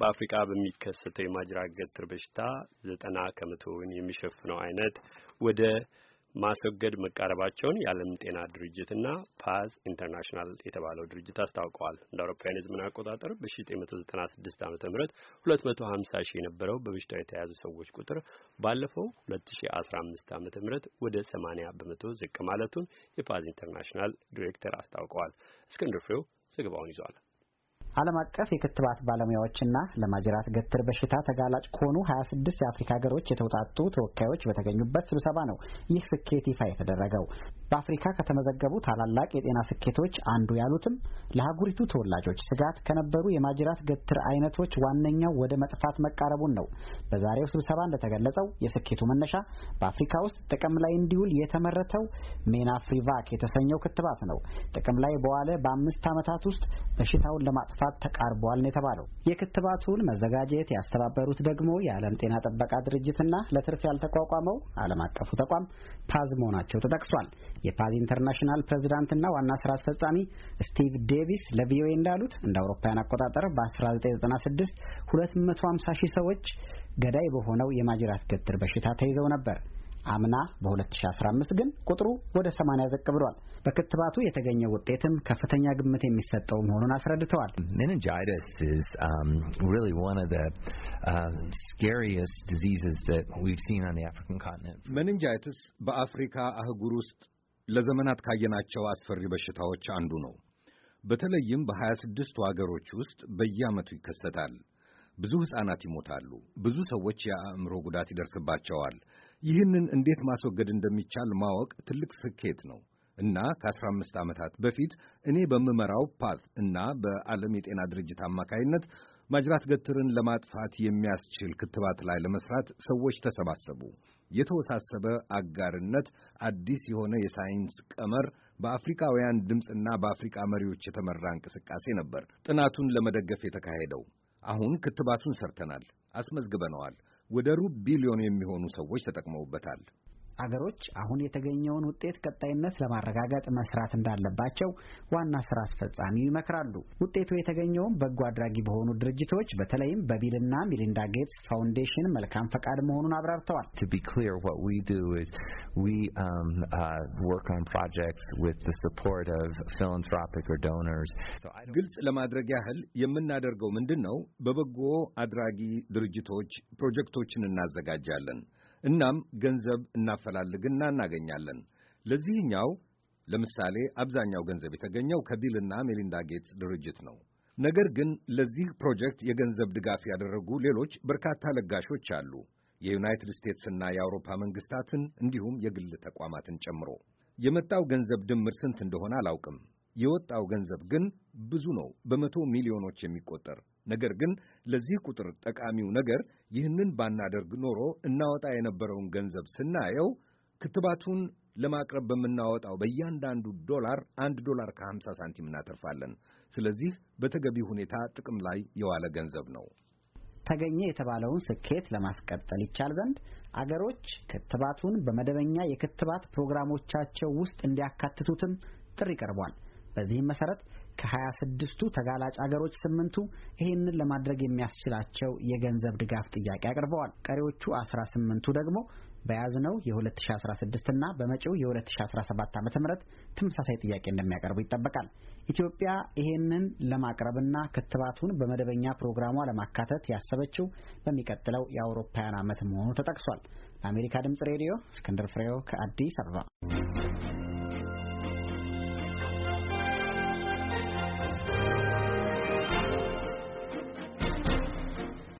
በአፍሪካ በሚከሰተው የማጅራት ገትር በሽታ ዘጠና ከመቶውን የሚሸፍነው አይነት ወደ ማስወገድ መቃረባቸውን የዓለም ጤና ድርጅትና ፓዝ ኢንተርናሽናል የተባለው ድርጅት አስታውቀዋል። እንደ አውሮፓውያን የዘመን አቆጣጠር በ1996 ዓ ም 250 ሺህ የነበረው በበሽታው የተያዙ ሰዎች ቁጥር ባለፈው 2015 ዓ ም ወደ 80 በመቶ ዝቅ ማለቱን የፓዝ ኢንተርናሽናል ዲሬክተር አስታውቀዋል። እስክንድር ፍሬው ዘገባውን ይዟል። ዓለም አቀፍ የክትባት ባለሙያዎችና ለማጅራት ገትር በሽታ ተጋላጭ ከሆኑ 26 የአፍሪካ ሀገሮች የተውጣጡ ተወካዮች በተገኙበት ስብሰባ ነው ይህ ስኬት ይፋ የተደረገው። በአፍሪካ ከተመዘገቡ ታላላቅ የጤና ስኬቶች አንዱ ያሉትም ለአህጉሪቱ ተወላጆች ስጋት ከነበሩ የማጅራት ገትር አይነቶች ዋነኛው ወደ መጥፋት መቃረቡን ነው። በዛሬው ስብሰባ እንደተገለጸው የስኬቱ መነሻ በአፍሪካ ውስጥ ጥቅም ላይ እንዲውል የተመረተው ሜናፍሪቫክ የተሰኘው ክትባት ነው። ጥቅም ላይ በዋለ በአምስት ዓመታት ውስጥ በሽታውን ለማጥፋት ተቃርቧል ነው የተባለው። የክትባቱን መዘጋጀት ያስተባበሩት ደግሞ የዓለም ጤና ጥበቃ ድርጅትና ለትርፍ ያልተቋቋመው ዓለም አቀፉ ተቋም ፓዝ መሆናቸው ተጠቅሷል። የፓዝ ኢንተርናሽናል ፕሬዝዳንትና ዋና ስራ አስፈጻሚ ስቲቭ ዴቪስ ለቪኦኤ እንዳሉት እንደ አውሮፓውያን አቆጣጠር በ1996 250 ሺህ ሰዎች ገዳይ በሆነው የማጅራት ገትር በሽታ ተይዘው ነበር። አምና በ2015 ግን ቁጥሩ ወደ 80 ዘቅ ብሏል። በክትባቱ የተገኘ ውጤትም ከፍተኛ ግምት የሚሰጠው መሆኑን አስረድተዋል። meningitis is um, really one of the uh, scariest diseases that we've seen on the African continent. meningitis በአፍሪካ አህጉር ውስጥ ለዘመናት ካየናቸው አስፈሪ በሽታዎች አንዱ ነው። በተለይም በ 26 አገሮች ሀገሮች ውስጥ በየዓመቱ ይከሰታል። ብዙ ሕፃናት ይሞታሉ። ብዙ ሰዎች የአእምሮ ጉዳት ይደርስባቸዋል። ይህንን እንዴት ማስወገድ እንደሚቻል ማወቅ ትልቅ ስኬት ነው እና ከ15 ዓመታት በፊት እኔ በምመራው ፓት እና በዓለም የጤና ድርጅት አማካይነት ማጅራት ገትርን ለማጥፋት የሚያስችል ክትባት ላይ ለመስራት ሰዎች ተሰባሰቡ። የተወሳሰበ አጋርነት፣ አዲስ የሆነ የሳይንስ ቀመር፣ በአፍሪካውያን ድምፅና በአፍሪካ መሪዎች የተመራ እንቅስቃሴ ነበር ጥናቱን ለመደገፍ የተካሄደው። አሁን ክትባቱን ሰርተናል፣ አስመዝግበነዋል። ወደ ሩብ ቢሊዮን የሚሆኑ ሰዎች ተጠቅመውበታል። አገሮች አሁን የተገኘውን ውጤት ቀጣይነት ለማረጋገጥ መስራት እንዳለባቸው ዋና ስራ አስፈጻሚ ይመክራሉ። ውጤቱ የተገኘውም በጎ አድራጊ በሆኑ ድርጅቶች በተለይም በቢልና ሚሊንዳ ጌትስ ፋውንዴሽን መልካም ፈቃድ መሆኑን አብራርተዋል። ግልጽ ለማድረግ ያህል የምናደርገው ምንድን ነው? በበጎ አድራጊ ድርጅቶች ፕሮጀክቶችን እናዘጋጃለን። እናም ገንዘብ እናፈላልግና እናገኛለን። ለዚህኛው ለምሳሌ አብዛኛው ገንዘብ የተገኘው ከቢልና ሜሊንዳ ጌትስ ድርጅት ነው። ነገር ግን ለዚህ ፕሮጀክት የገንዘብ ድጋፍ ያደረጉ ሌሎች በርካታ ለጋሾች አሉ። የዩናይትድ ስቴትስና የአውሮፓ መንግስታትን እንዲሁም የግል ተቋማትን ጨምሮ የመጣው ገንዘብ ድምር ስንት እንደሆነ አላውቅም። የወጣው ገንዘብ ግን ብዙ ነው፣ በመቶ ሚሊዮኖች የሚቆጠር ነገር ግን ለዚህ ቁጥር ጠቃሚው ነገር ይህንን ባናደርግ ኖሮ እናወጣ የነበረውን ገንዘብ ስናየው ክትባቱን ለማቅረብ በምናወጣው በእያንዳንዱ ዶላር አንድ ዶላር ከ50 ሳንቲም እናተርፋለን። ስለዚህ በተገቢ ሁኔታ ጥቅም ላይ የዋለ ገንዘብ ነው። ተገኘ የተባለውን ስኬት ለማስቀጠል ይቻል ዘንድ አገሮች ክትባቱን በመደበኛ የክትባት ፕሮግራሞቻቸው ውስጥ እንዲያካትቱትም ጥሪ ቀርቧል። በዚህም መሰረት ከሀያ ስድስቱ ተጋላጭ አገሮች ስምንቱ ይህንን ለማድረግ የሚያስችላቸው የገንዘብ ድጋፍ ጥያቄ አቅርበዋል። ቀሪዎቹ አስራ ስምንቱ ደግሞ በያዝነው የ2016 እና በመጪው የ2017 ዓ ም ተመሳሳይ ጥያቄ እንደሚያቀርቡ ይጠበቃል። ኢትዮጵያ ይህንን ለማቅረብና ክትባቱን በመደበኛ ፕሮግራሟ ለማካተት ያሰበችው በሚቀጥለው የአውሮፓውያን ዓመት መሆኑ ተጠቅሷል። ለአሜሪካ ድምፅ ሬዲዮ እስክንድር ፍሬው ከአዲስ አበባ